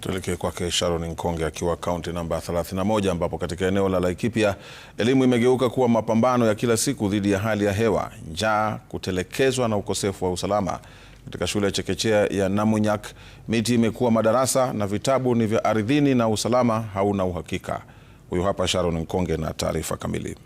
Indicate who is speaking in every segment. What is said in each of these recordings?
Speaker 1: Tuelekee kwake Sharon Nkonge akiwa kaunti namba 31 ambapo katika eneo la Laikipia elimu imegeuka kuwa mapambano ya kila siku dhidi ya hali ya hewa, njaa, kutelekezwa na ukosefu wa usalama. Katika shule ya chekechea ya Namunyak, miti imekuwa madarasa na vitabu ni vya ardhini na usalama hauna uhakika. Huyu hapa Sharon Nkonge na taarifa kamili.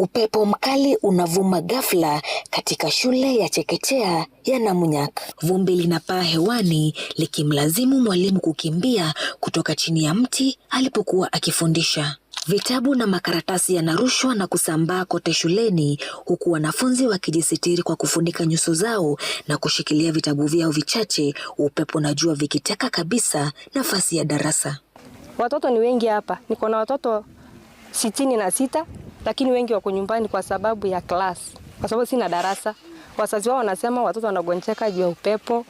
Speaker 2: Upepo mkali unavuma ghafla katika shule ya chekechea ya Namunyak. Vumbi linapaa hewani likimlazimu mwalimu kukimbia kutoka chini ya mti alipokuwa akifundisha. Vitabu na makaratasi yanarushwa na kusambaa kote shuleni huku wanafunzi wakijisitiri kwa kufunika nyuso zao na kushikilia vitabu vyao vichache, upepo na jua vikiteka kabisa nafasi ya darasa.
Speaker 3: Watoto ni wengi hapa, niko na watoto sitini na sita lakini wengi wako nyumbani kwa sababu ya klasi, kwa sababu sina darasa. Wazazi wao wanasema watoto wanagonjeka juu ya upepo,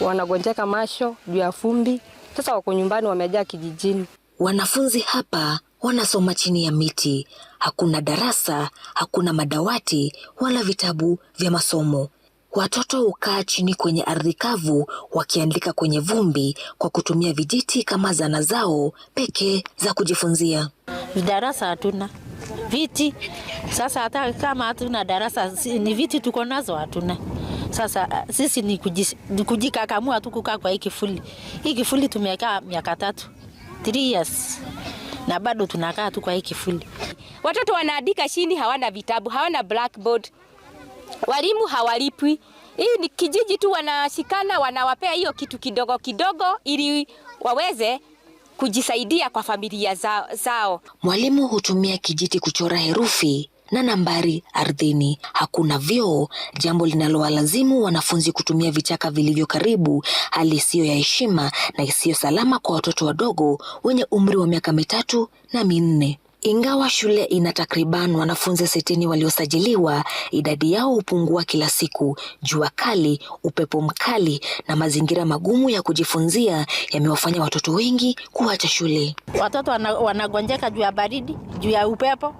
Speaker 3: wanagonjeka masho juu ya fumbi. Sasa wako nyumbani, wamejaa kijijini.
Speaker 2: Wanafunzi hapa wanasoma chini ya miti, hakuna darasa, hakuna madawati wala vitabu vya masomo. Watoto hukaa chini kwenye ardhi kavu wakiandika kwenye vumbi kwa kutumia vijiti kama zana zao pekee za kujifunzia.
Speaker 4: Darasa hatuna viti. Sasa hata kama hatuna darasa, ni viti tuko nazo hatuna. Sasa eh, sisi ni kujikakamua tu kukaa kwa hii kifuli. Hii kifuli tumekaa miaka tatu, three years, na bado tunakaa tu kwa hii kifuli.
Speaker 5: Watoto wanaandika chini, hawana vitabu, hawana blackboard, walimu hawalipwi. Hii ni kijiji tu, wanashikana wanawapea hiyo kitu kidogo kidogo ili waweze kujisaidia kwa familia zao, zao.
Speaker 2: Mwalimu hutumia kijiti kuchora herufi na nambari ardhini. Hakuna vyoo, jambo linalowalazimu wanafunzi kutumia vichaka vilivyo karibu, hali isiyo ya heshima na isiyo salama kwa watoto wadogo wenye umri wa miaka mitatu na minne. Ingawa shule ina takriban wanafunzi sitini waliosajiliwa, idadi yao hupungua kila siku. Jua kali, upepo mkali na mazingira magumu ya kujifunzia yamewafanya watoto wengi kuacha shule.
Speaker 4: Watoto wanagonjeka juu ya baridi, juu ya upepo,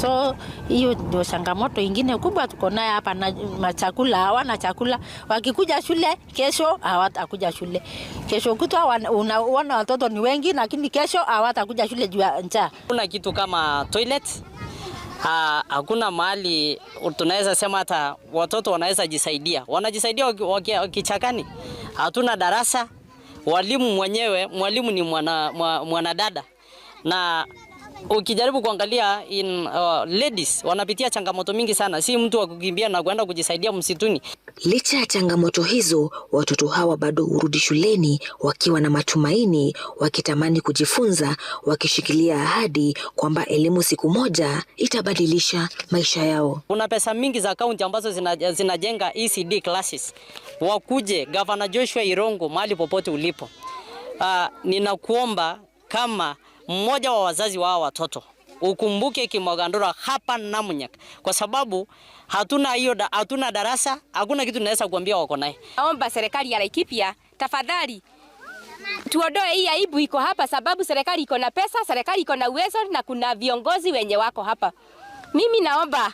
Speaker 4: So hiyo ndio changamoto ingine kubwa tuko naye hapa, na machakula hawana chakula. Wakikuja shule kesho hawatakuja shule, kesho kutwa unaona watoto ni wengi, lakini kesho hawatakuja shule juu ya njaa.
Speaker 6: Kuna kitu kama toilet Ha, hakuna mahali tunaweza sema hata watoto wanaweza jisaidia, wanajisaidia wakichakani. Hatuna darasa, walimu mwenyewe, mwalimu ni mwanadada mwana na ukijaribu kuangalia in, uh, ladies wanapitia changamoto mingi sana, si mtu wa kukimbia na kuenda kujisaidia msituni.
Speaker 2: Licha ya changamoto hizo, watoto hawa bado hurudi shuleni wakiwa na matumaini, wakitamani kujifunza, wakishikilia ahadi kwamba elimu siku moja itabadilisha maisha yao.
Speaker 7: Kuna pesa mingi za kaunti ambazo zinajenga zina e ECD classes. Wakuje Gavana Joshua Irongo mahali popote ulipo, uh, ninakuomba kama mmoja wa wazazi wa watoto ukumbuke Kimogandura hapa Namunyak, kwa sababu hatuna hiyo, da, hatuna darasa, hakuna kitu tunaweza kuambia wako naye.
Speaker 8: Naomba serikali ya Laikipia tafadhali tuondoe hii aibu iko hapa, sababu serikali iko na pesa, serikali iko na uwezo na kuna viongozi wenye wako hapa. Mimi naomba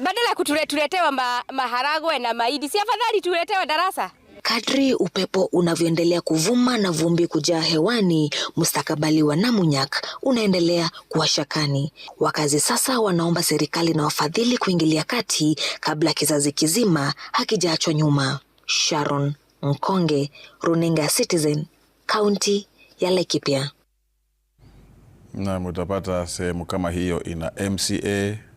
Speaker 8: badala ya kutuletewa ma, maharagwe na mahindi, si afadhali tuletewe darasa.
Speaker 2: Kadri upepo unavyoendelea kuvuma na vumbi kujaa hewani, mustakabali wa Namunyak unaendelea kuwa shakani. Wakazi sasa wanaomba serikali na wafadhili kuingilia kati kabla kizazi kizima hakijaachwa nyuma. Sharon Mkonge, runinga ya Citizen, kaunti ya Laikipia.
Speaker 1: Nam utapata sehemu kama hiyo ina MCA